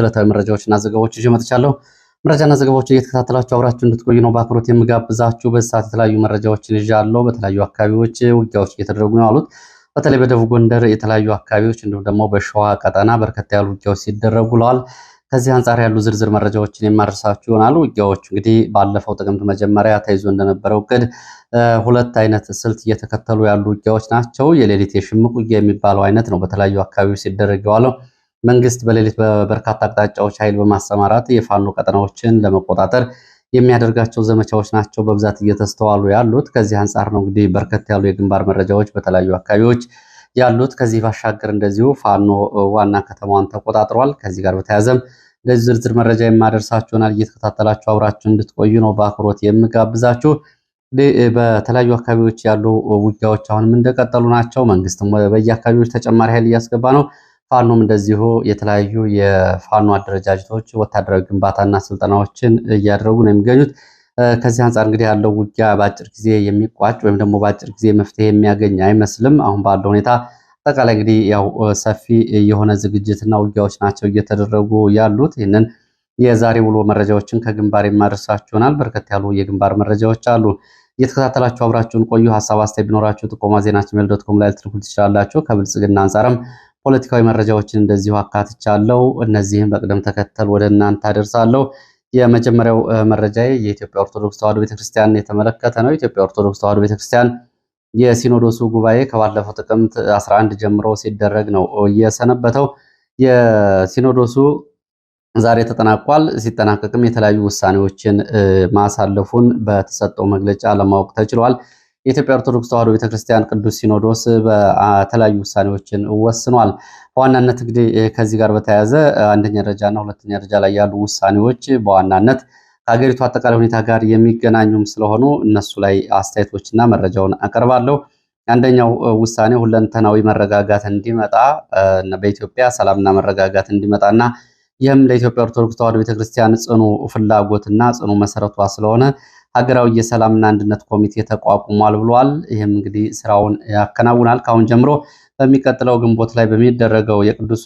ዕለታዊ መረጃዎችና ዘገባዎች ይዤ መጥቻለሁ። መረጃና ዘገባዎች እየተከታተላችሁ አብራችሁ እንድትቆዩ ነው በአክብሮት የምጋብዛችሁ። በዚህ ሰዓት የተለያዩ መረጃዎችን ይዣለሁ። በተለያዩ አካባቢዎች ውጊያዎች እየተደረጉ ነው አሉት። በተለይ በደቡብ ጎንደር የተለያዩ አካባቢዎች እንዲሁም ደግሞ በሸዋ ቀጠና በርከት ያሉ ውጊያዎች ሲደረጉ ውለዋል። ከዚህ አንጻር ያሉ ዝርዝር መረጃዎችን የማደርሳችሁ ይሆናል። ውጊያዎች እንግዲህ ባለፈው ጥቅምት መጀመሪያ ተይዞ እንደነበረው እቅድ ሁለት አይነት ስልት እየተከተሉ ያሉ ውጊያዎች ናቸው። የሌሊት የሽምቅ ውጊያ የሚባለው አይነት ነው በተለያዩ አካባቢዎች ሲደረግ የዋለው መንግስት በሌሊት በበርካታ አቅጣጫዎች ኃይል በማሰማራት የፋኖ ቀጠናዎችን ለመቆጣጠር የሚያደርጋቸው ዘመቻዎች ናቸው በብዛት እየተስተዋሉ ያሉት። ከዚህ አንጻር ነው እንግዲህ በርከት ያሉ የግንባር መረጃዎች በተለያዩ አካባቢዎች ያሉት። ከዚህ ባሻገር እንደዚሁ ፋኖ ዋና ከተማዋን ተቆጣጥሯል። ከዚህ ጋር በተያያዘም እንደዚህ ዝርዝር መረጃ የማደርሳችሁናል። እየተከታተላችሁ አብራችሁ እንድትቆዩ ነው በአክብሮት የምጋብዛችሁ። በተለያዩ አካባቢዎች ያሉ ውጊያዎች አሁንም እንደቀጠሉ ናቸው። መንግስትም በየአካባቢዎች ተጨማሪ ኃይል እያስገባ ነው። ፋኖም እንደዚሁ የተለያዩ የፋኖ አደረጃጀቶች ወታደራዊ ግንባታና ስልጠናዎችን እያደረጉ ነው የሚገኙት። ከዚህ አንጻር እንግዲህ ያለው ውጊያ በአጭር ጊዜ የሚቋጭ ወይም ደግሞ በአጭር ጊዜ መፍትሄ የሚያገኝ አይመስልም። አሁን ባለው ሁኔታ አጠቃላይ እንግዲህ ያው ሰፊ የሆነ ዝግጅትና ውጊያዎች ናቸው እየተደረጉ ያሉት። ይህንን የዛሬ ውሎ መረጃዎችን ከግንባር የማደርሳችሁ በርከት ያሉ የግንባር መረጃዎች አሉ። እየተከታተላችሁ አብራችሁን ቆዩ። ሀሳብ አስተያየት ቢኖራችሁ ጥቆማ ዜናችን ሜል ዶት ኮም ላይ ልትልኩ ትችላላችሁ። ከብልጽግና አንጻርም ፖለቲካዊ መረጃዎችን እንደዚሁ አካትቻለሁ። እነዚህም በቅደም ተከተል ወደ እናንተ አደርሳለሁ። የመጀመሪያው መረጃ የኢትዮጵያ ኦርቶዶክስ ተዋሕዶ ቤተክርስቲያን የተመለከተ ነው። የኢትዮጵያ ኦርቶዶክስ ተዋሕዶ ቤተክርስቲያን የሲኖዶሱ ጉባኤ ከባለፈው ጥቅምት 11 ጀምሮ ሲደረግ ነው የሰነበተው። የሲኖዶሱ ዛሬ ተጠናቋል። ሲጠናቀቅም የተለያዩ ውሳኔዎችን ማሳለፉን በተሰጠው መግለጫ ለማወቅ ተችሏል። የኢትዮጵያ ኦርቶዶክስ ተዋሕዶ ቤተክርስቲያን ቅዱስ ሲኖዶስ በተለያዩ ውሳኔዎችን ወስኗል። በዋናነት እንግዲህ ከዚህ ጋር በተያያዘ አንደኛ ደረጃና ሁለተኛ ደረጃ ላይ ያሉ ውሳኔዎች በዋናነት ከሀገሪቱ አጠቃላይ ሁኔታ ጋር የሚገናኙም ስለሆኑ እነሱ ላይ አስተያየቶችና መረጃውን አቀርባለሁ። አንደኛው ውሳኔ ሁለንተናዊ መረጋጋት እንዲመጣ በኢትዮጵያ ሰላምና መረጋጋት እንዲመጣና ይህም ለኢትዮጵያ ኦርቶዶክስ ተዋሕዶ ቤተክርስቲያን ጽኑ ፍላጎትና ጽኑ መሰረቷ ስለሆነ ሀገራዊ የሰላምና አንድነት ኮሚቴ ተቋቁሟል ብሏል። ይህም እንግዲህ ስራውን ያከናውናል ከአሁን ጀምሮ በሚቀጥለው ግንቦት ላይ በሚደረገው የቅዱስ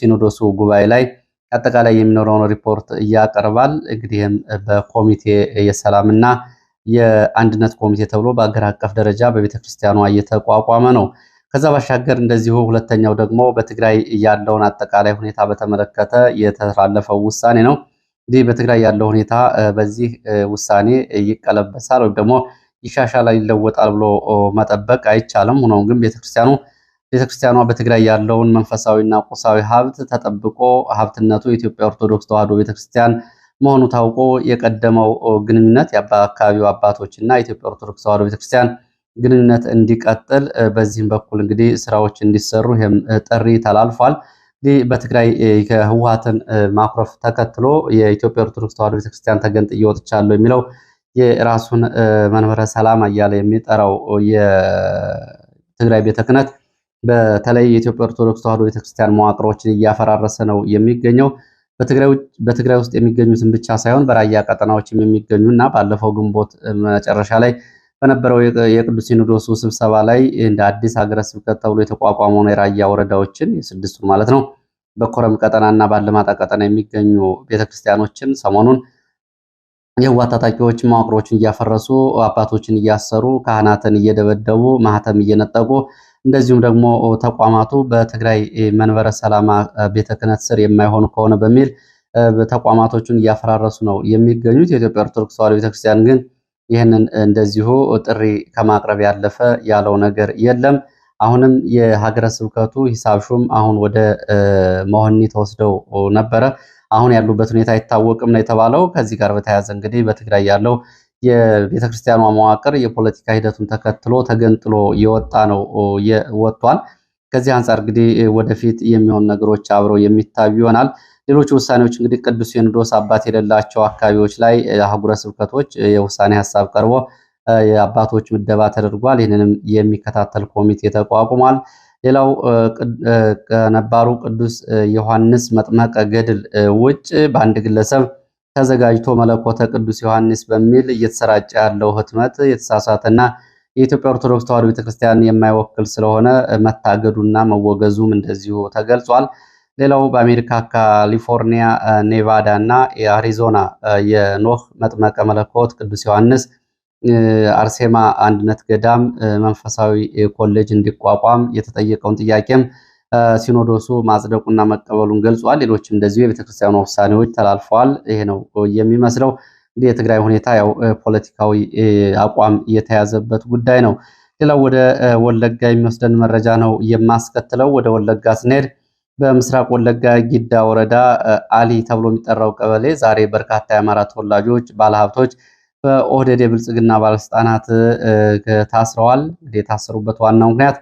ሲኖዶሱ ጉባኤ ላይ አጠቃላይ የሚኖረውን ሪፖርት እያቀርባል። እንግዲህም በኮሚቴ የሰላምና የአንድነት ኮሚቴ ተብሎ በአገር አቀፍ ደረጃ በቤተክርስቲያኗ እየተቋቋመ ነው። ከዛ ባሻገር እንደዚሁ ሁለተኛው ደግሞ በትግራይ ያለውን አጠቃላይ ሁኔታ በተመለከተ የተላለፈው ውሳኔ ነው። እንግዲህ በትግራይ ያለው ሁኔታ በዚህ ውሳኔ ይቀለበሳል ወይም ደግሞ ይሻሻላል፣ ይለወጣል ብሎ መጠበቅ አይቻልም። ሆኖም ግን ቤተክርስቲያኑ ቤተክርስቲያኗ በትግራይ ያለውን መንፈሳዊና ቁሳዊ ሀብት ተጠብቆ ሀብትነቱ የኢትዮጵያ ኦርቶዶክስ ተዋህዶ ቤተክርስቲያን መሆኑ ታውቆ የቀደመው ግንኙነት የአካባቢው አባቶችና የኢትዮጵያ ኦርቶዶክስ ተዋህዶ ቤተክርስቲያን ግንኙነት እንዲቀጥል በዚህም በኩል እንግዲህ ስራዎች እንዲሰሩ ይህም ጥሪ ተላልፏል። እንግዲህ በትግራይ ከህወሀትን ማኩረፍ ተከትሎ የኢትዮጵያ ኦርቶዶክስ ተዋሕዶ ቤተክርስቲያን ተገንጥ እየወጥቻለሁ የሚለው የራሱን መንበረ ሰላም እያለ የሚጠራው የትግራይ ቤተ ክህነት በተለይ የኢትዮጵያ ኦርቶዶክስ ተዋሕዶ ቤተክርስቲያን መዋቅሮችን እያፈራረሰ ነው የሚገኘው። በትግራይ ውስጥ የሚገኙትን ብቻ ሳይሆን በራያ ቀጠናዎችም የሚገኙ እና ባለፈው ግንቦት መጨረሻ ላይ በነበረው የቅዱስ ሲኖዶሱ ስብሰባ ላይ እንደ አዲስ ሀገረ ስብከት ተብሎ የተቋቋመውን የራያ ወረዳዎችን የስድስቱን ማለት ነው በኮረም ቀጠናና ባለማጣ ቀጠና የሚገኙ ቤተክርስቲያኖችን ሰሞኑን የህወሓት ታጣቂዎች መዋቅሮችን እያፈረሱ አባቶችን እያሰሩ ካህናትን እየደበደቡ ማህተም እየነጠቁ እንደዚሁም ደግሞ ተቋማቱ በትግራይ መንበረ ሰላማ ቤተ ክህነት ስር የማይሆኑ ከሆነ በሚል ተቋማቶቹን እያፈራረሱ ነው የሚገኙት። የኢትዮጵያ ኦርቶዶክስ ተዋሕዶ ቤተክርስቲያን ግን ይህንን እንደዚሁ ጥሪ ከማቅረብ ያለፈ ያለው ነገር የለም። አሁንም የሀገረ ስብከቱ ሂሳብ ሹም አሁን ወደ መሆኒ ተወስደው ነበረ። አሁን ያሉበት ሁኔታ አይታወቅም ነው የተባለው። ከዚህ ጋር በተያያዘ እንግዲህ በትግራይ ያለው የቤተክርስቲያኗ መዋቅር የፖለቲካ ሂደቱን ተከትሎ ተገንጥሎ የወጣ ነው ወጥቷል። ከዚህ አንጻር እንግዲህ ወደፊት የሚሆን ነገሮች አብረው የሚታዩ ይሆናል። ሌሎች ውሳኔዎች እንግዲህ ቅዱስ ሲኖዶስ አባት የሌላቸው አካባቢዎች ላይ አህጉረ ስብከቶች የውሳኔ ሀሳብ ቀርቦ የአባቶች ምደባ ተደርጓል። ይህንንም የሚከታተል ኮሚቴ ተቋቁሟል። ሌላው ከነባሩ ቅዱስ ዮሐንስ መጥመቀ ገድል ውጭ በአንድ ግለሰብ ተዘጋጅቶ መለኮተ ቅዱስ ዮሐንስ በሚል እየተሰራጨ ያለው ህትመት የተሳሳተና የኢትዮጵያ ኦርቶዶክስ ተዋሕዶ ቤተክርስቲያን የማይወክል ስለሆነ መታገዱና መወገዙም እንደዚሁ ተገልጿል። ሌላው በአሜሪካ ካሊፎርኒያ፣ ኔቫዳ እና የአሪዞና የኖህ መጥመቀ መለኮት ቅዱስ ዮሐንስ አርሴማ አንድነት ገዳም መንፈሳዊ ኮሌጅ እንዲቋቋም የተጠየቀውን ጥያቄም ሲኖዶሱ ማጽደቁና መቀበሉን ገልጿል። ሌሎችም እንደዚሁ የቤተክርስቲያኑ ውሳኔዎች ተላልፈዋል። ይሄ ነው የሚመስለው። እንግዲህ የትግራይ ሁኔታ ያው ፖለቲካዊ አቋም የተያዘበት ጉዳይ ነው። ሌላው ወደ ወለጋ የሚወስደን መረጃ ነው የማስከትለው። ወደ ወለጋ ስንሄድ በምስራቅ ወለጋ ጊዳ ወረዳ አሊ ተብሎ የሚጠራው ቀበሌ ዛሬ በርካታ የአማራ ተወላጆች፣ ባለሀብቶች በኦህደድ የብልጽግና ባለስልጣናት ታስረዋል። የታሰሩበት ዋናው ምክንያት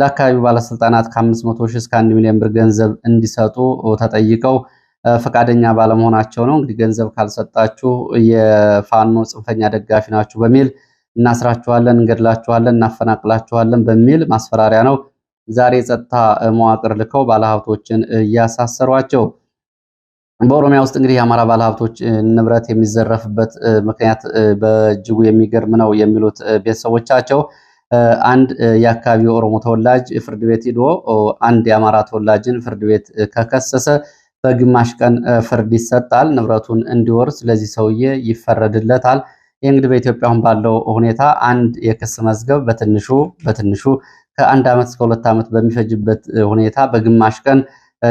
ለአካባቢው ባለስልጣናት ከ500 ሺህ እስከ 1 ሚሊዮን ብር ገንዘብ እንዲሰጡ ተጠይቀው ፈቃደኛ ባለመሆናቸው ነው። እንግዲህ ገንዘብ ካልሰጣችሁ የፋኖ ጽንፈኛ ደጋፊ ናችሁ በሚል እናስራችኋለን፣ እንገድላችኋለን፣ እናፈናቅላችኋለን በሚል ማስፈራሪያ ነው ዛሬ የጸጥታ መዋቅር ልከው ባለሀብቶችን እያሳሰሯቸው በኦሮሚያ ውስጥ እንግዲህ የአማራ ባለሀብቶች ንብረት የሚዘረፍበት ምክንያት በእጅጉ የሚገርም ነው የሚሉት ቤተሰቦቻቸው አንድ የአካባቢው ኦሮሞ ተወላጅ ፍርድ ቤት ሂዶ አንድ የአማራ ተወላጅን ፍርድ ቤት ከከሰሰ በግማሽ ቀን ፍርድ ይሰጣል። ንብረቱን እንዲወርስ ለዚህ ሰውዬ ይፈረድለታል። ይህ እንግዲህ በኢትዮጵያ አሁን ባለው ሁኔታ አንድ የክስ መዝገብ በትንሹ በትንሹ ከአንድ ዓመት እስከ ሁለት ዓመት በሚፈጅበት ሁኔታ በግማሽ ቀን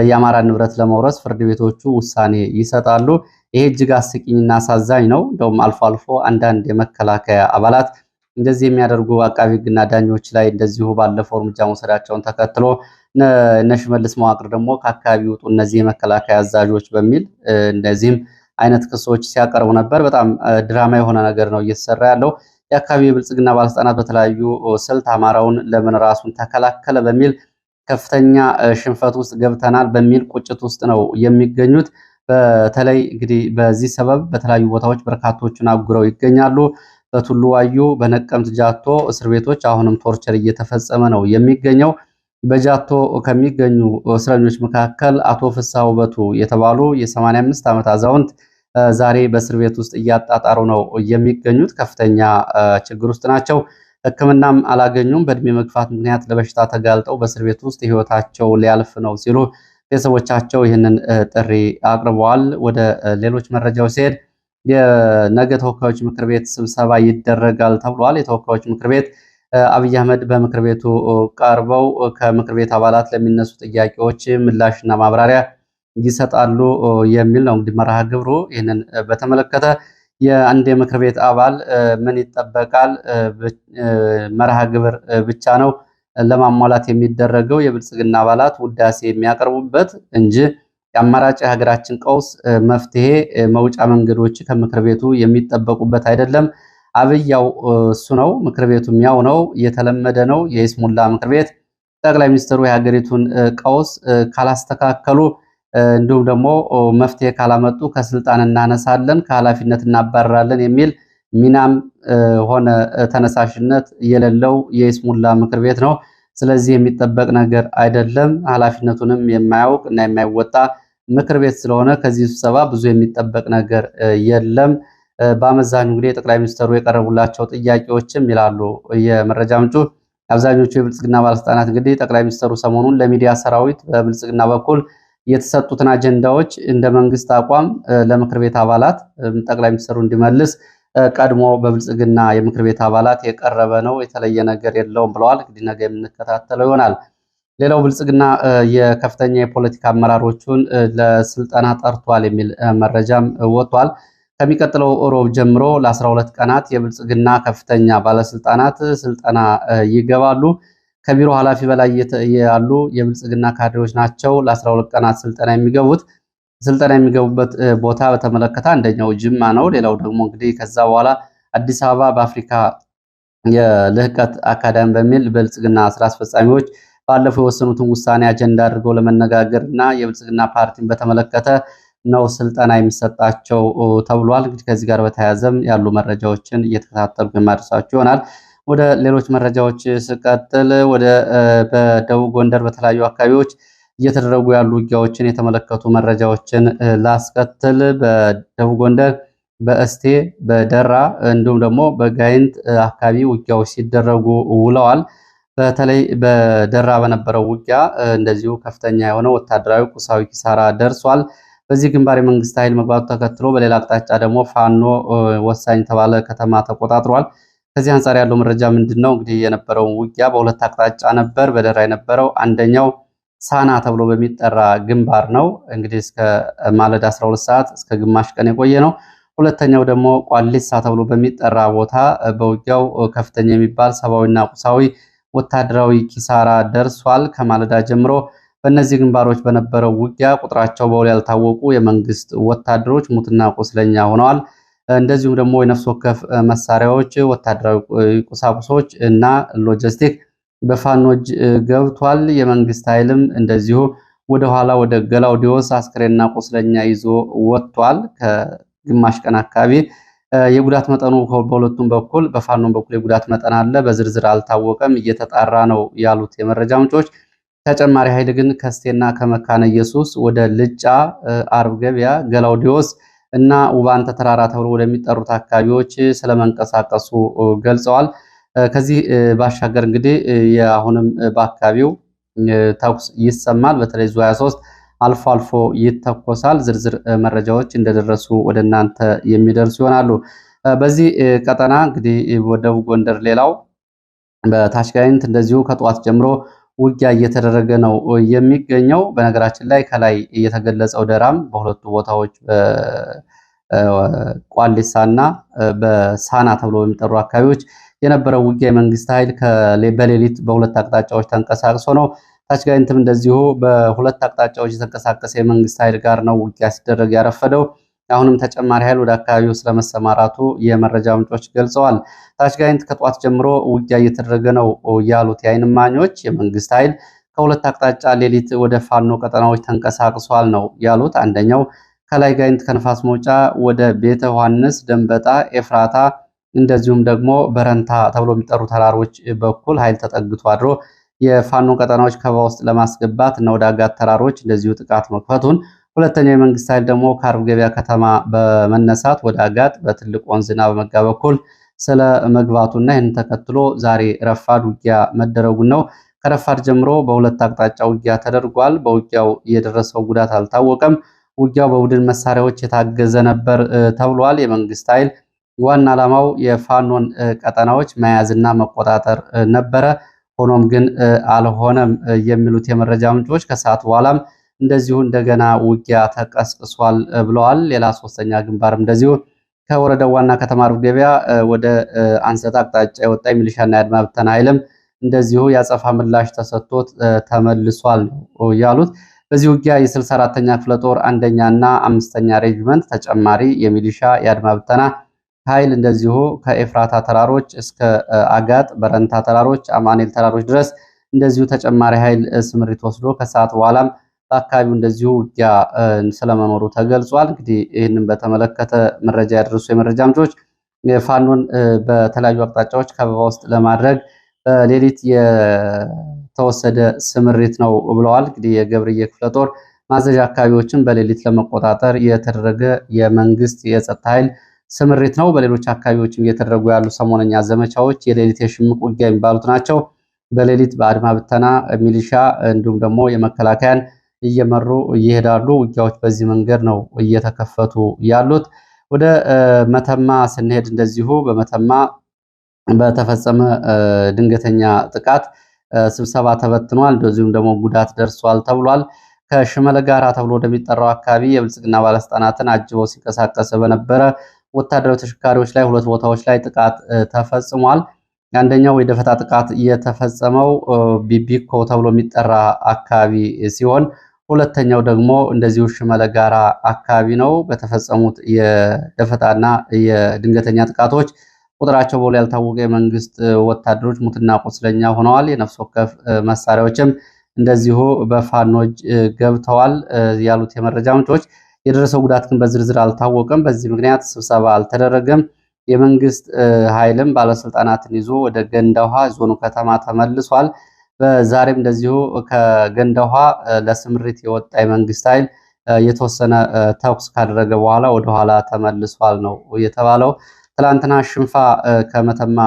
የአማራ ንብረት ለመውረስ ፍርድ ቤቶቹ ውሳኔ ይሰጣሉ። ይሄ እጅግ አስቂኝና አሳዛኝ ነው። እንደውም አልፎ አልፎ አንዳንድ የመከላከያ አባላት እንደዚህ የሚያደርጉ አቃቢ ሕግና ዳኞች ላይ እንደዚሁ ባለፈው እርምጃ መውሰዳቸውን ተከትሎ እነ ሽመልስ መዋቅር ደግሞ ከአካባቢ ውጡ እነዚህ የመከላከያ አዛዦች በሚል እንደዚህም አይነት ክሶች ሲያቀርቡ ነበር። በጣም ድራማ የሆነ ነገር ነው እየተሰራ ያለው። የአካባቢ የብልጽግና ባለስልጣናት በተለያዩ ስልት አማራውን ለምን ራሱን ተከላከለ በሚል ከፍተኛ ሽንፈት ውስጥ ገብተናል በሚል ቁጭት ውስጥ ነው የሚገኙት። በተለይ እንግዲህ በዚህ ሰበብ በተለያዩ ቦታዎች በርካቶቹን አጉረው ይገኛሉ። በቱሉ ዋዩ፣ በነቀምት ጃቶ እስር ቤቶች አሁንም ቶርቸር እየተፈጸመ ነው የሚገኘው። በጃቶ ከሚገኙ እስረኞች መካከል አቶ ፍስሐ ውበቱ የተባሉ የ85 ዓመት አዛውንት ዛሬ በእስር ቤት ውስጥ እያጣጣሩ ነው የሚገኙት። ከፍተኛ ችግር ውስጥ ናቸው። ሕክምናም አላገኙም። በእድሜ መግፋት ምክንያት ለበሽታ ተጋልጠው በእስር ቤት ውስጥ ህይወታቸው ሊያልፍ ነው ሲሉ ቤተሰቦቻቸው ይህንን ጥሪ አቅርበዋል። ወደ ሌሎች መረጃዎች ሲሄድ የነገ ተወካዮች ምክር ቤት ስብሰባ ይደረጋል ተብሏል። የተወካዮች ምክር ቤት አብይ አህመድ በምክር ቤቱ ቀርበው ከምክር ቤት አባላት ለሚነሱ ጥያቄዎች ምላሽና ማብራሪያ ይሰጣሉ የሚል ነው እንግዲህ መርሃ ግብሩ። ይህንን በተመለከተ የአንድ የምክር ቤት አባል ምን ይጠበቃል? መርሃ ግብር ብቻ ነው ለማሟላት የሚደረገው የብልጽግና አባላት ውዳሴ የሚያቀርቡበት እንጂ የአማራጭ የሀገራችን ቀውስ መፍትሄ መውጫ መንገዶች ከምክር ቤቱ የሚጠበቁበት አይደለም። አብያው እሱ ነው። ምክር ቤቱም ያው ነው፣ የተለመደ ነው። የይስሙላ ምክር ቤት ጠቅላይ ሚኒስትሩ የሀገሪቱን ቀውስ ካላስተካከሉ እንዲሁም ደግሞ መፍትሄ ካላመጡ ከስልጣን እናነሳለን፣ ከኃላፊነት እናባረራለን የሚል ሚናም ሆነ ተነሳሽነት የሌለው የይስሙላ ምክር ቤት ነው። ስለዚህ የሚጠበቅ ነገር አይደለም። ኃላፊነቱንም የማያውቅ እና የማይወጣ ምክር ቤት ስለሆነ ከዚህ ስብሰባ ብዙ የሚጠበቅ ነገር የለም። በአመዛኙ እንግዲህ የጠቅላይ ሚኒስትሩ የቀረቡላቸው ጥያቄዎችም ይላሉ የመረጃ ምንጩ አብዛኞቹ የብልጽግና ባለስልጣናት እንግዲህ ጠቅላይ ሚኒስትሩ ሰሞኑን ለሚዲያ ሰራዊት በብልጽግና በኩል የተሰጡትን አጀንዳዎች እንደ መንግስት አቋም ለምክር ቤት አባላት ጠቅላይ ሚኒስትሩ እንዲመልስ ቀድሞ በብልጽግና የምክር ቤት አባላት የቀረበ ነው፣ የተለየ ነገር የለውም ብለዋል። እንግዲህ ነገ የምንከታተለው ይሆናል። ሌላው ብልጽግና የከፍተኛ የፖለቲካ አመራሮቹን ለስልጠና ጠርቷል የሚል መረጃም ወጥቷል። ከሚቀጥለው ሮብ ጀምሮ ለ12 ቀናት የብልጽግና ከፍተኛ ባለስልጣናት ስልጠና ይገባሉ። ከቢሮ ኃላፊ በላይ ያሉ የብልጽግና ካድሬዎች ናቸው ለ12 ቀናት ስልጠና የሚገቡት። ስልጠና የሚገቡበት ቦታ በተመለከተ አንደኛው ጅማ ነው። ሌላው ደግሞ እንግዲህ ከዛ በኋላ አዲስ አበባ በአፍሪካ የልህቀት አካዳሚ በሚል ብልጽግና ስራ አስፈጻሚዎች ባለፈው የወሰኑትን ውሳኔ አጀንዳ አድርገው ለመነጋገር እና የብልጽግና ፓርቲን በተመለከተ ነው ስልጠና የሚሰጣቸው ተብሏል። እንግዲህ ከዚህ ጋር በተያያዘም ያሉ መረጃዎችን እየተከታተሉ የማድረሳቸው ይሆናል። ወደ ሌሎች መረጃዎች ስቀጥል ወደ በደቡብ ጎንደር በተለያዩ አካባቢዎች እየተደረጉ ያሉ ውጊያዎችን የተመለከቱ መረጃዎችን ላስከትል። በደቡብ ጎንደር በእስቴ በደራ እንዲሁም ደግሞ በጋይንት አካባቢ ውጊያዎች ሲደረጉ ውለዋል። በተለይ በደራ በነበረው ውጊያ እንደዚሁ ከፍተኛ የሆነ ወታደራዊ ቁሳዊ ኪሳራ ደርሷል። በዚህ ግንባር የመንግስት ኃይል መግባቱ ተከትሎ በሌላ አቅጣጫ ደግሞ ፋኖ ወሳኝ የተባለ ከተማ ተቆጣጥሯል። ከዚህ አንጻር ያለው መረጃ ምንድን ነው? እንግዲህ የነበረው ውጊያ በሁለት አቅጣጫ ነበር በደራ የነበረው። አንደኛው ሳና ተብሎ በሚጠራ ግንባር ነው እንግዲህ እስከ ማለዳ 12 ሰዓት እስከ ግማሽ ቀን የቆየ ነው። ሁለተኛው ደግሞ ቋሊሳ ተብሎ በሚጠራ ቦታ በውጊያው ከፍተኛ የሚባል ሰብአዊና ቁሳዊ ወታደራዊ ኪሳራ ደርሷል። ከማለዳ ጀምሮ በእነዚህ ግንባሮች በነበረው ውጊያ ቁጥራቸው በውል ያልታወቁ የመንግስት ወታደሮች ሙትና ቁስለኛ ሆነዋል። እንደዚሁም ደግሞ የነፍስ ወከፍ መሳሪያዎች፣ ወታደራዊ ቁሳቁሶች እና ሎጂስቲክ በፋኖጅ ገብቷል። የመንግስት ኃይልም እንደዚሁ ወደኋላ ወደ ገላውዲዮስ አስክሬንና ቁስለኛ ይዞ ወጥቷል። ከግማሽ ቀን አካባቢ የጉዳት መጠኑ በሁለቱም በኩል በፋኖም በኩል የጉዳት መጠን አለ፣ በዝርዝር አልታወቀም፣ እየተጣራ ነው ያሉት የመረጃ ምንጮች። ተጨማሪ ኃይል ግን ከስቴና ከመካነ ኢየሱስ ወደ ልጫ አርብ ገበያ ገላውዲዮስ እና ውባንተ ተራራ ተብሎ ወደሚጠሩት አካባቢዎች ስለመንቀሳቀሱ ገልጸዋል። ከዚህ ባሻገር እንግዲህ የአሁንም በአካባቢው ተኩስ ይሰማል። በተለይ ዙ 23 አልፎ አልፎ ይተኮሳል። ዝርዝር መረጃዎች እንደደረሱ ወደ እናንተ የሚደርሱ ይሆናሉ። በዚህ ቀጠና እንግዲህ ወደቡ ጎንደር ሌላው በታሽጋይንት እንደዚሁ ከጠዋት ጀምሮ ውጊያ እየተደረገ ነው የሚገኘው። በነገራችን ላይ ከላይ የተገለጸው ደራም በሁለቱ ቦታዎች እና በሳና ተብሎ በሚጠሩ አካባቢዎች የነበረው ውጊያ የመንግስት ኃይል በሌሊት በሁለት አቅጣጫዎች ተንቀሳቅሶ ነው። ታችጋይንትም እንደዚሁ በሁለት አቅጣጫዎች የተንቀሳቀሰ የመንግስት ኃይል ጋር ነው ውጊያ ሲደረግ ያረፈደው። አሁንም ተጨማሪ ኃይል ወደ አካባቢው ስለመሰማራቱ የመረጃ ምንጮች ገልጸዋል። ታች ከጠዋት ጀምሮ ውጊያ እየተደረገ ነው ያሉት የአይን እማኞች የመንግስት ኃይል ከሁለት አቅጣጫ ሌሊት ወደ ፋኖ ቀጠናዎች ተንቀሳቅሷል ነው ያሉት። አንደኛው ከላይ ጋይንት ከንፋስ መውጫ ወደ ቤተ ዮሐንስ፣ ደንበጣ፣ ኤፍራታ እንደዚሁም ደግሞ በረንታ ተብሎ የሚጠሩ ተራሮች በኩል ኃይል ተጠግቶ አድሮ የፋኖ ቀጠናዎች ከበባ ውስጥ ለማስገባት እና ወደ አጋት ተራሮች እንደዚሁ ጥቃት መክፈቱን ሁለተኛው የመንግስት ኃይል ደግሞ ከአርብ ገበያ ከተማ በመነሳት ወደ አጋጥ በትልቅ ወንዝና በመጋ በኩል ስለ መግባቱና ይህን ተከትሎ ዛሬ ረፋድ ውጊያ መደረጉን ነው። ከረፋድ ጀምሮ በሁለት አቅጣጫ ውጊያ ተደርጓል። በውጊያው የደረሰው ጉዳት አልታወቀም። ውጊያው በቡድን መሳሪያዎች የታገዘ ነበር ተብሏል። የመንግስት ኃይል ዋና ዓላማው የፋኖን ቀጠናዎች መያዝና መቆጣጠር ነበረ። ሆኖም ግን አልሆነም የሚሉት የመረጃ ምንጮች ከሰዓት በኋላም እንደዚሁ እንደገና ውጊያ ተቀስቅሷል ብለዋል። ሌላ ሶስተኛ ግንባር እንደዚሁ ከወረዳው ዋና ከተማ ገበያ ወደ አንሰት አቅጣጫ የወጣ የሚሊሻና የአድማ ብተና ኃይልም እንደዚሁ ያጸፋ ምላሽ ተሰጥቶት ተመልሷል ያሉት። በዚህ ውጊያ የስልሳ አራተኛ ክፍለ ጦር አንደኛ እና አምስተኛ ሬጅመንት ተጨማሪ የሚሊሻ የአድማ ብተና ኃይል እንደዚሁ ከኤፍራታ ተራሮች እስከ አጋጥ በረንታ ተራሮች፣ አማኔል ተራሮች ድረስ እንደዚሁ ተጨማሪ ኃይል ስምሪት ወስዶ ከሰዓት በኋላም በአካባቢው እንደዚሁ ውጊያ ስለመኖሩ ተገልጿል። እንግዲህ ይህንን በተመለከተ መረጃ ያደረሱ የመረጃ ምንጮች ፋኖን በተለያዩ አቅጣጫዎች ከበባ ውስጥ ለማድረግ በሌሊት የተወሰደ ስምሪት ነው ብለዋል። እንግዲህ የገብርዬ ክፍለ ጦር ማዘዣ አካባቢዎችን በሌሊት ለመቆጣጠር የተደረገ የመንግስት የጸጥታ ኃይል ስምሪት ነው። በሌሎች አካባቢዎችም እየተደረጉ ያሉ ሰሞነኛ ዘመቻዎች የሌሊት የሽምቅ ውጊያ የሚባሉት ናቸው። በሌሊት በአድማ ብተና ሚሊሻ እንዲሁም ደግሞ የመከላከያን እየመሩ ይሄዳሉ። ውጊያዎች በዚህ መንገድ ነው እየተከፈቱ ያሉት። ወደ መተማ ስንሄድ እንደዚሁ በመተማ በተፈጸመ ድንገተኛ ጥቃት ስብሰባ ተበትኗል። እንደዚሁም ደግሞ ጉዳት ደርሷል ተብሏል። ከሽመለ ጋራ ተብሎ ወደሚጠራው አካባቢ የብልጽግና ባለስልጣናትን አጅበው ሲንቀሳቀስ በነበረ ወታደራዊ ተሽከርካሪዎች ላይ ሁለት ቦታዎች ላይ ጥቃት ተፈጽሟል። አንደኛው የደፈጣ ጥቃት የተፈጸመው ቢቢኮ ተብሎ የሚጠራ አካባቢ ሲሆን ሁለተኛው ደግሞ እንደዚሁ ሽመለ ጋራ አካባቢ ነው። በተፈጸሙት የደፈጣና የድንገተኛ ጥቃቶች ቁጥራቸው በውል ያልታወቀ የመንግስት ወታደሮች ሙትና ቁስለኛ ሆነዋል። የነፍስ ወከፍ መሳሪያዎችም እንደዚሁ በፋኖች ገብተዋል ያሉት የመረጃ ምንጮች፣ የደረሰው ጉዳት ግን በዝርዝር አልታወቀም። በዚህ ምክንያት ስብሰባ አልተደረገም። የመንግስት ኃይልም ባለስልጣናትን ይዞ ወደ ገንዳ ውሃ ዞኑ ከተማ ተመልሷል። በዛሬም እንደዚሁ ከገንዳ ውሃ ለስምሪት የወጣ የመንግስት ኃይል የተወሰነ ተኩስ ካደረገ በኋላ ወደኋላ ተመልሷል ነው የተባለው። ትላንትና ሽንፋ ከመተማ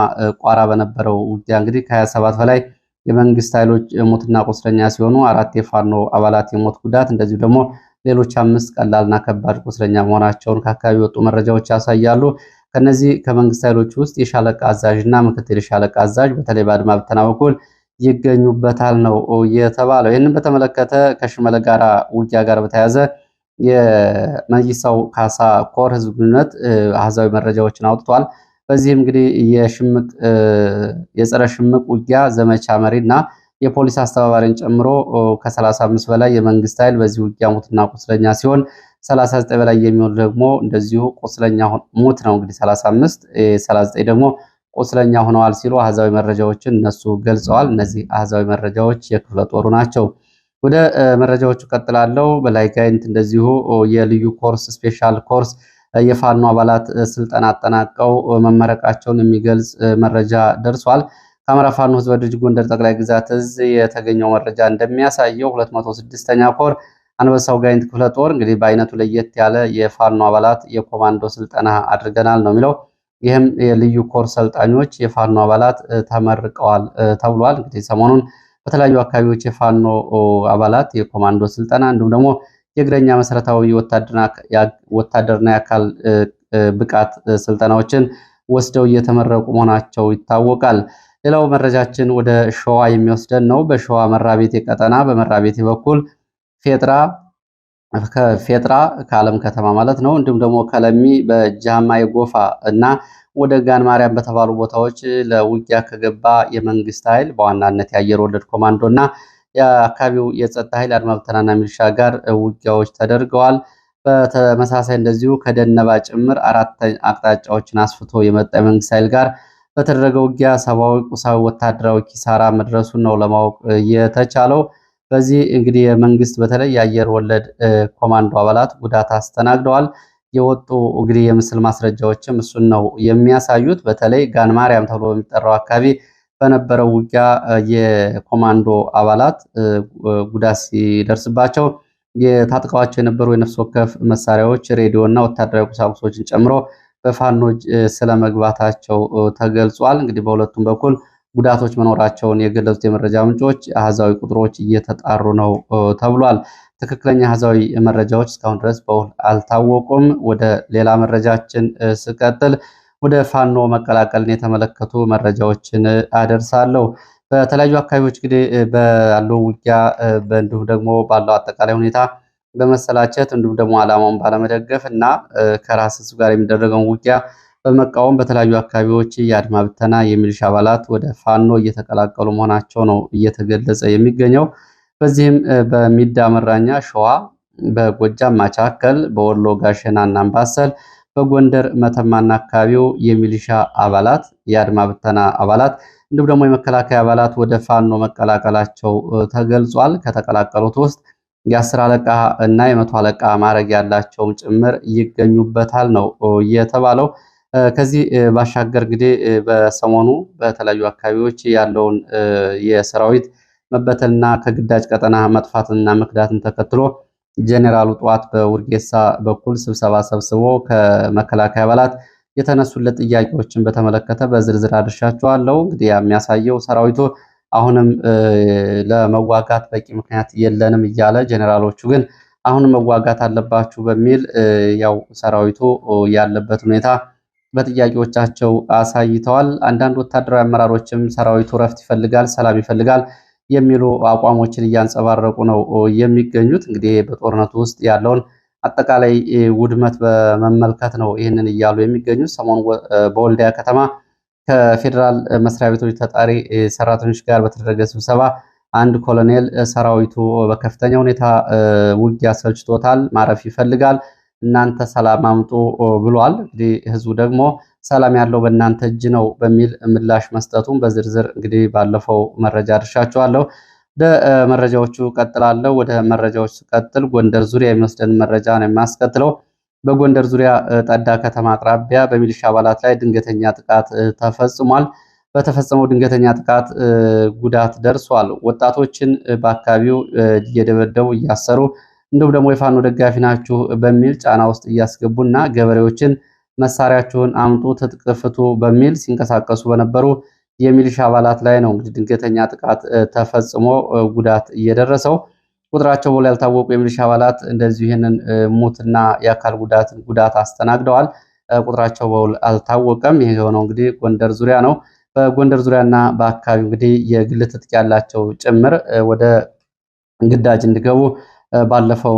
ቋራ በነበረው ውጊያ እንግዲህ ከ27 በላይ የመንግስት ኃይሎች ሞትና ቁስለኛ ሲሆኑ አራት የፋኖ አባላት የሞት ጉዳት እንደዚሁ ደግሞ ሌሎች አምስት ቀላልና ከባድ ቁስለኛ መሆናቸውን ከአካባቢ የወጡ መረጃዎች ያሳያሉ። ከነዚህ ከመንግስት ኃይሎች ውስጥ የሻለቃ አዛዥ እና ምክትል የሻለቃ አዛዥ በተለይ በአድማ ብተና በኩል ይገኙበታል ነው የተባለው። ይህንን በተመለከተ ከሽመለ ጋር ውጊያ ጋር በተያያዘ የመይሳው ካሳ ኮር ህዝብ ግንኙነት መረጃዎችን አውጥቷል። በዚህም እንግዲህ የሽምቅ የጸረ ሽምቅ ውጊያ ዘመቻ እና የፖሊስ አስተባባሪን ጨምሮ ከ35 በላይ የመንግስት ኃይል በዚህ ውጊያ ሙትና ቁስለኛ ሲሆን 39 በላይ የሚሆኑ ደግሞ እንደዚሁ ቁስለኛ ሙት ነው እንግዲህ 35 39 ደግሞ ቁስለኛ ሆነዋል ሲሉ አህዛዊ መረጃዎችን እነሱ ገልጸዋል። እነዚህ አህዛዊ መረጃዎች የክፍለ ጦሩ ናቸው። ወደ መረጃዎቹ ቀጥላለው። በላይ ጋይንት እንደዚሁ የልዩ ኮርስ ስፔሻል ኮርስ የፋኖ አባላት ስልጠና አጠናቀው መመረቃቸውን የሚገልጽ መረጃ ደርሷል። ከአማራ ፋኖ ህዝብ ድርጅት ጎንደር ጠቅላይ ግዛት እዝ የተገኘው መረጃ እንደሚያሳየው 206ኛ ኮር አንበሳው ጋይንት ክፍለ ጦር እንግዲህ በአይነቱ ለየት ያለ የፋኖ አባላት የኮማንዶ ስልጠና አድርገናል ነው የሚለው ይህም የልዩ ኮር ሰልጣኞች የፋኖ አባላት ተመርቀዋል ተብሏል። እንግዲህ ሰሞኑን በተለያዩ አካባቢዎች የፋኖ አባላት የኮማንዶ ስልጠና እንዲሁም ደግሞ የእግረኛ መሰረታዊ ወታደርና የአካል ብቃት ስልጠናዎችን ወስደው እየተመረቁ መሆናቸው ይታወቃል። ሌላው መረጃችን ወደ ሸዋ የሚወስደን ነው። በሸዋ መራቤቴ ቀጠና በመራቤቴ በኩል ፌጥራ ከፌጥራ ከዓለም ከተማ ማለት ነው። እንዲሁም ደግሞ ከለሚ በጃማ የጎፋ እና ወደ ጋን ማርያም በተባሉ ቦታዎች ለውጊያ ከገባ የመንግስት ኃይል በዋናነት የአየር ወለድ ኮማንዶ እና የአካባቢው የጸጥታ ኃይል አድማብተናና ሚሊሻ ጋር ውጊያዎች ተደርገዋል። በተመሳሳይ እንደዚሁ ከደነባ ጭምር አራት አቅጣጫዎችን አስፍቶ የመጣ የመንግስት ኃይል ጋር በተደረገ ውጊያ ሰብአዊ፣ ቁሳዊ፣ ወታደራዊ ኪሳራ መድረሱን ነው ለማወቅ የተቻለው። በዚህ እንግዲህ የመንግስት በተለይ የአየር ወለድ ኮማንዶ አባላት ጉዳት አስተናግደዋል። የወጡ እንግዲህ የምስል ማስረጃዎችም እሱን ነው የሚያሳዩት። በተለይ ጋን ማርያም ተብሎ በሚጠራው አካባቢ በነበረው ውጊያ የኮማንዶ አባላት ጉዳት ሲደርስባቸው የታጥቀዋቸው የነበሩ የነፍስ ወከፍ መሳሪያዎች፣ ሬዲዮ እና ወታደራዊ ቁሳቁሶችን ጨምሮ በፋኖች ስለመግባታቸው ተገልጿል። እንግዲህ በሁለቱም በኩል ጉዳቶች መኖራቸውን የገለጹት የመረጃ ምንጮች አሃዛዊ ቁጥሮች እየተጣሩ ነው ተብሏል። ትክክለኛ አሃዛዊ መረጃዎች እስካሁን ድረስ በውል አልታወቁም። ወደ ሌላ መረጃችን ስቀጥል ወደ ፋኖ መቀላቀልን የተመለከቱ መረጃዎችን አደርሳለሁ። በተለያዩ አካባቢዎች እንግዲህ ባለው ውጊያ እንዲሁም ደግሞ ባለው አጠቃላይ ሁኔታ በመሰላቸት እንዲሁም ደግሞ ዓላማውን ባለመደገፍ እና ከራስ ጋር የሚደረገውን ውጊያ በመቃወም በተለያዩ አካባቢዎች የአድማ ብተና የሚሊሻ አባላት ወደ ፋኖ እየተቀላቀሉ መሆናቸው ነው እየተገለጸ የሚገኘው። በዚህም በሚዳ መራኛ ሸዋ፣ በጎጃም ማቻከል፣ በወሎ ጋሸናና አምባሰል፣ በጎንደር መተማና አካባቢው የሚሊሻ አባላት የአድማ ብተና አባላት እንዲሁም ደግሞ የመከላከያ አባላት ወደ ፋኖ መቀላቀላቸው ተገልጿል። ከተቀላቀሉት ውስጥ የአስር አለቃ እና የመቶ አለቃ ማዕረግ ያላቸውም ጭምር ይገኙበታል ነው የተባለው። ከዚህ ባሻገር እንግዲህ በሰሞኑ በተለያዩ አካባቢዎች ያለውን የሰራዊት መበተልና ከግዳጅ ቀጠና መጥፋትና መክዳትን ተከትሎ ጄኔራሉ ጠዋት በውርጌሳ በኩል ስብሰባ ሰብስቦ ከመከላከያ አባላት የተነሱለት ጥያቄዎችን በተመለከተ በዝርዝር አድርሻቸዋለሁ። እንግዲህ የሚያሳየው ሰራዊቱ አሁንም ለመዋጋት በቂ ምክንያት የለንም እያለ ጄኔራሎቹ ግን አሁንም መዋጋት አለባችሁ በሚል ያው ሰራዊቱ ያለበት ሁኔታ በጥያቄዎቻቸው አሳይተዋል። አንዳንድ ወታደራዊ አመራሮችም ሰራዊቱ እረፍት ይፈልጋል፣ ሰላም ይፈልጋል የሚሉ አቋሞችን እያንጸባረቁ ነው የሚገኙት። እንግዲህ በጦርነቱ ውስጥ ያለውን አጠቃላይ ውድመት በመመልከት ነው ይህንን እያሉ የሚገኙት። ሰሞኑ በወልዲያ ከተማ ከፌዴራል መስሪያ ቤቶች ተጣሪ ሰራተኞች ጋር በተደረገ ስብሰባ አንድ ኮሎኔል ሰራዊቱ በከፍተኛ ሁኔታ ውጊያ ሰልችቶታል፣ ማረፍ ይፈልጋል እናንተ ሰላም አምጡ ብሏል። እንግዲህ ህዝቡ ደግሞ ሰላም ያለው በእናንተ እጅ ነው በሚል ምላሽ መስጠቱን በዝርዝር እንግዲህ ባለፈው መረጃ አድርሻችኋለሁ። ወደ መረጃዎቹ ቀጥላለሁ። ወደ መረጃዎች ቀጥል ጎንደር ዙሪያ የሚወስደን መረጃ ነው የማስቀጥለው። በጎንደር ዙሪያ ጠዳ ከተማ አቅራቢያ በሚሊሻ አባላት ላይ ድንገተኛ ጥቃት ተፈጽሟል። በተፈጸመው ድንገተኛ ጥቃት ጉዳት ደርሷል። ወጣቶችን በአካባቢው እየደበደቡ እያሰሩ እንዲሁም ደግሞ የፋኖ ደጋፊ ናችሁ በሚል ጫና ውስጥ እያስገቡና ገበሬዎችን መሳሪያችሁን አምጡ፣ ትጥቅ ፍቱ በሚል ሲንቀሳቀሱ በነበሩ የሚሊሻ አባላት ላይ ነው እንግዲህ ድንገተኛ ጥቃት ተፈጽሞ ጉዳት እየደረሰው ቁጥራቸው በውል ያልታወቁ የሚሊሻ አባላት እንደዚሁ ይህንን ሞትና የአካል ጉዳት ጉዳት አስተናግደዋል። ቁጥራቸው በውል አልታወቀም። ይህ የሆነው እንግዲህ ጎንደር ዙሪያ ነው። በጎንደር ዙሪያና በአካባቢው እንግዲህ የግል ትጥቅ ያላቸው ጭምር ወደ ግዳጅ እንዲገቡ ባለፈው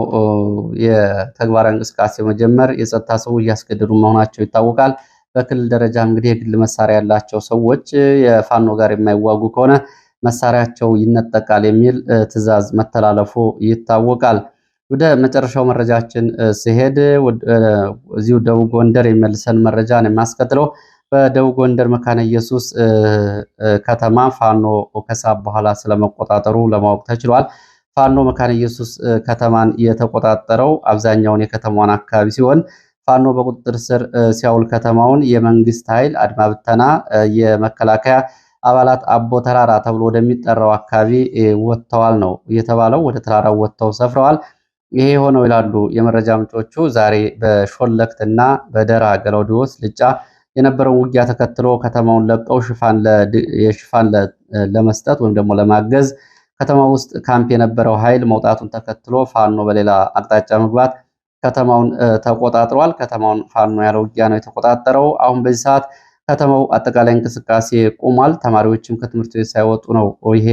የተግባራዊ እንቅስቃሴ መጀመር የጸጥታ ሰዎች እያስገደዱ መሆናቸው ይታወቃል። በክልል ደረጃ እንግዲህ የግል መሳሪያ ያላቸው ሰዎች የፋኖ ጋር የማይዋጉ ከሆነ መሳሪያቸው ይነጠቃል የሚል ትዕዛዝ መተላለፉ ይታወቃል። ወደ መጨረሻው መረጃችን ሲሄድ እዚሁ ደቡብ ጎንደር የመልሰን መረጃ ነው የሚያስከትለው። በደቡብ ጎንደር መካነ ኢየሱስ ከተማ ፋኖ ከሳብ በኋላ ስለመቆጣጠሩ ለማወቅ ተችሏል። ፋኖ መካነ ኢየሱስ ከተማን የተቆጣጠረው አብዛኛውን የከተማዋን አካባቢ ሲሆን ፋኖ በቁጥጥር ስር ሲያውል ከተማውን የመንግስት ኃይል አድማ ብተና፣ የመከላከያ አባላት አቦ ተራራ ተብሎ ወደሚጠራው አካባቢ ወጥተዋል ነው የተባለው። ወደ ተራራው ወጥተው ሰፍረዋል። ይሄ ሆነው ይላሉ የመረጃ ምንጮቹ ዛሬ በሾለክትና በደራ ገላውዲዮስ ልጫ የነበረውን ውጊያ ተከትሎ ከተማውን ለቀው ሽፋን ለመስጠት ወይም ደግሞ ለማገዝ ከተማ ውስጥ ካምፕ የነበረው ኃይል መውጣቱን ተከትሎ ፋኖ በሌላ አቅጣጫ መግባት ከተማውን ተቆጣጥሯል። ከተማውን ፋኖ ያለ ውጊያ ነው የተቆጣጠረው። አሁን በዚህ ሰዓት ከተማው አጠቃላይ እንቅስቃሴ ቁሟል። ተማሪዎችም ከትምህርት ቤት ሳይወጡ ነው ይሄ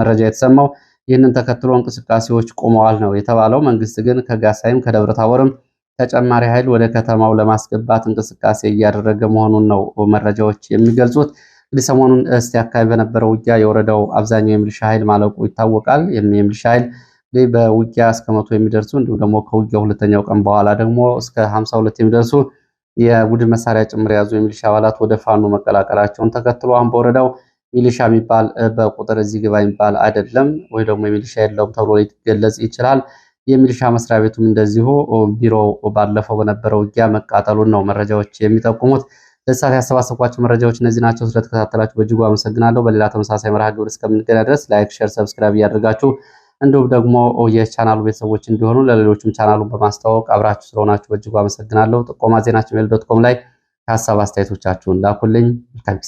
መረጃ የተሰማው። ይህንን ተከትሎ እንቅስቃሴዎች ቁመዋል ነው የተባለው። መንግስት ግን ከጋሳይም ከደብረ ታቦርም ተጨማሪ ኃይል ወደ ከተማው ለማስገባት እንቅስቃሴ እያደረገ መሆኑን ነው መረጃዎች የሚገልጹት። እንግዲህ ሰሞኑን እስቴ አካባቢ በነበረው ውጊያ የወረዳው አብዛኛው የሚሊሻ ኃይል ማለቁ ይታወቃል። የሚሊሻ ኃይል በውጊያ እስከ መቶ የሚደርሱ እንዲሁም ደግሞ ከውጊያ ሁለተኛው ቀን በኋላ ደግሞ እስከ ሀምሳ ሁለት የሚደርሱ የቡድን መሳሪያ ጭምር የያዙ የሚሊሻ አባላት ወደ ፋኖ መቀላቀላቸውን ተከትሎ አሁን በወረዳው ሚሊሻ የሚባል በቁጥር እዚህ ግባ የሚባል አይደለም፣ ወይ ደግሞ የሚሊሻ የለውም ተብሎ ሊገለጽ ይችላል። የሚሊሻ መስሪያ ቤቱም እንደዚሁ ቢሮ ባለፈው በነበረው ውጊያ መቃጠሉን ነው መረጃዎች የሚጠቁሙት። ለዚህ ሰዓት ያሰባሰብኳቸው መረጃዎች እነዚህ ናቸው። ስለተከታተላችሁ በእጅጉ አመሰግናለሁ። በሌላ ተመሳሳይ መርሃ ግብር እስከምንገና ድረስ ላይክ፣ ሼር፣ ሰብስክራይብ እያደርጋችሁ እንዲሁም ደግሞ የቻናሉ ቤተሰቦች እንዲሆኑ ለሌሎችም ቻናሉን በማስተዋወቅ አብራችሁ ስለሆናችሁ በእጅጉ አመሰግናለሁ። ጥቆማ ዜናችን ሜል ዶት ኮም ላይ ከሀሳብ አስተያየቶቻችሁን ላኩልኝ። መልካም